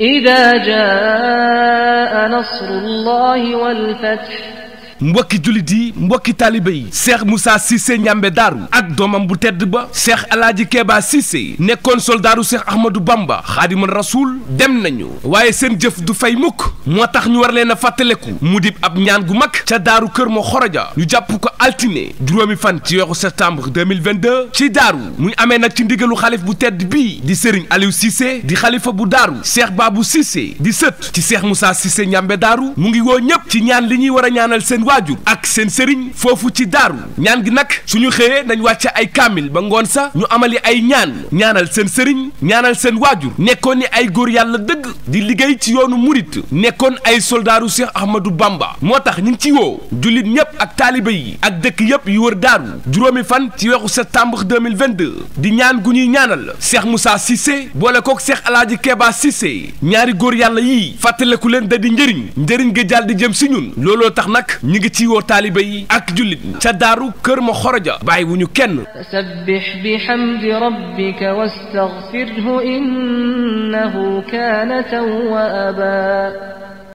إذا جاء نصر الله والفتح mbokki jullit yi mbokki taalibe yi Cheikh Moussa Cissé ñambe daaru ak doomam bu tedd ba Cheikh Alaaji Keeba Cissé nekkoon soldaaru Cheikh Ahmadou Bamba xaadimal rasuul dem nañu waaye seen jëf du fay mukk moo tax ñu war leen a fàttaleku mu dib ab ñaan gu mag ca daaru kër ma xoroja ñu jàpp ko altine juróomi fan ci weeru septembre 2022 ci daaru muy amee nag ci ndigalu xalif bu tedd bii di Serigne Aliou Cissé di xalifa bu daaru Cheikh Babou Cissé di sët ci Cheikh Moussa Cissé ñambe daaru mu ngi woo ñëpp ci ñaan li ñuy war a ñaanal seen waajur ak seen sëriñ foofu ci daaru ñaan gi nag su ñu xëyee nañ wàcce ay kaamil ba ngoon sa ñu amali ay ñaan ñaanal seen sëriñ ñaanal seen waajur nekkoon ni ay góor yàlla dëgg di liggéey ci yoonu murit nekkoon ay soldaaru Cheikh Ahmadou Bamba moo tax ñu ngi ci woo jullit ñëpp ak taaliba yi ak dëkk yëpp yu wër daaru juróomi fan ci weeru septembre 2022 di ñaan gu ñuy ñaanal Cheikh Moussa Cissé boole kook Cheikh Alaaji Keba Cissé ñaari góor yàlla yii fàttaleku leen di njëriñ njëriñ gi jàll jëm si ñi ngi ci woo taalibe yi ak jullit ca daaru kër ma xoroja bàyyi wu ñu kenn fasabbih bihamdi rabbika wastaghfirhu innahu kaana tawwaaba